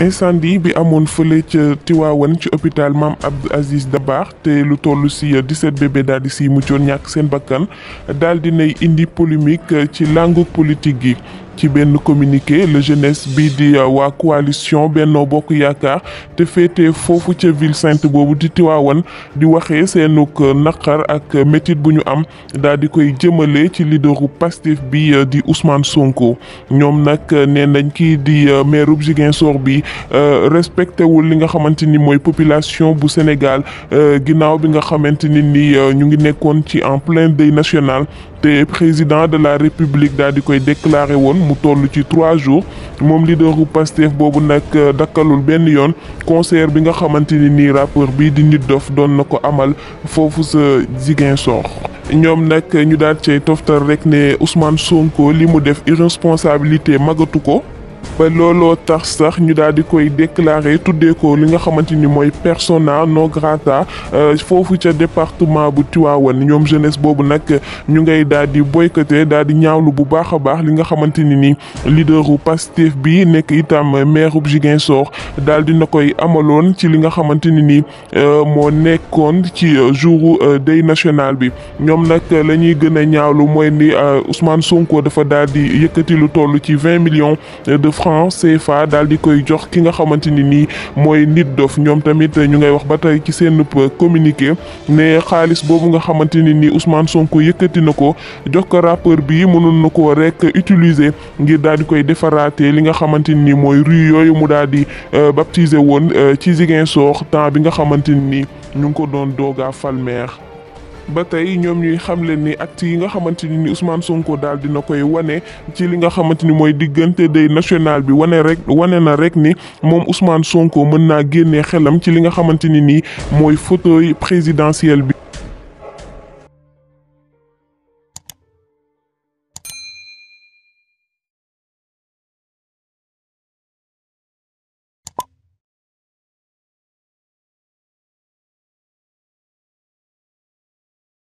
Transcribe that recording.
incendie bi amoon fële ca Tiwaawan ci hôpital Maam Abdou Aziz baax te lu toll si 17 bébé daal di si muccoon ñàkk seen bakkan daal di nay indi polémique ci langue politique gi. ci nous communiqué la jeunesse bi di euh, coalition Benno Bokk yakar te pour ville sainte di di euh, ak am di koy ci leaderu bi euh, di Ousmane Sonko ñom nak des kii di maire bi respecté wul li nga population bu Sénégal Nous bi en plein deuil national le président de la république daal di koy déclaré woon mu toll ci trois jours moom leaderu Pastef boobu nag euh, dakkalul benn yoon concert bi nga xamante ni nii rappeur bii di Nit Dof doon na ko amal foofu sa Ziguinchor ñoom nag ñu daal cay toftal rek ne Ousmane Sonko li mu def irresponsabilité magatu ko ba looloo tax sax ñu daal di koy déclaré tuddee ko li nga xamante ni mooy persona non grata euh, foofu ca département bu Tivaouane ñoom jeunesse boobu nag ñu ngay daal di boycotté daal di ñaawlu bu baax a baax li nga xamante ni ni leaderu Pastef bi nekk itam maire bu Ziguinchor daal di na koy amaloon ci li nga xamante ni ni euh, moo nekkoon ci jouru euh, day national bi ñoom nag la ñuy gën a ñaawlu mooy ni Ousmane Sonko dafa daal di yëkkati lu toll ci vingt millions francs CFA daal di koy jox ki nga xamante ni nii mooy nit dof ñoom tamit ñu ngay wax ba tey ci seen communiqué ne xaalis boobu nga xamante ni nii Ousmane Sonko yëkkati na ko jox ko rappeur bi mënoon na ko rek utiliser ngir daal di koy defaraate li nga xamante ni mooy rue yooyu mu daal di euh, baptiser woon euh, ci Ziguinchor temps bi nga xamante ni ñu ngi ko doon doogaa falmeer ba tey ñoom ñuy xam leen ni acte yi nga xamante ni Ousmane Sonko daal dina koy wane ci li nga xamante ni mooy diggante day national bi wane rek wane na rek ni moom Ousmane Sonko mën naa génnee xelam ci li nga xamante ni nii mooy fauteuil présidentiel bi.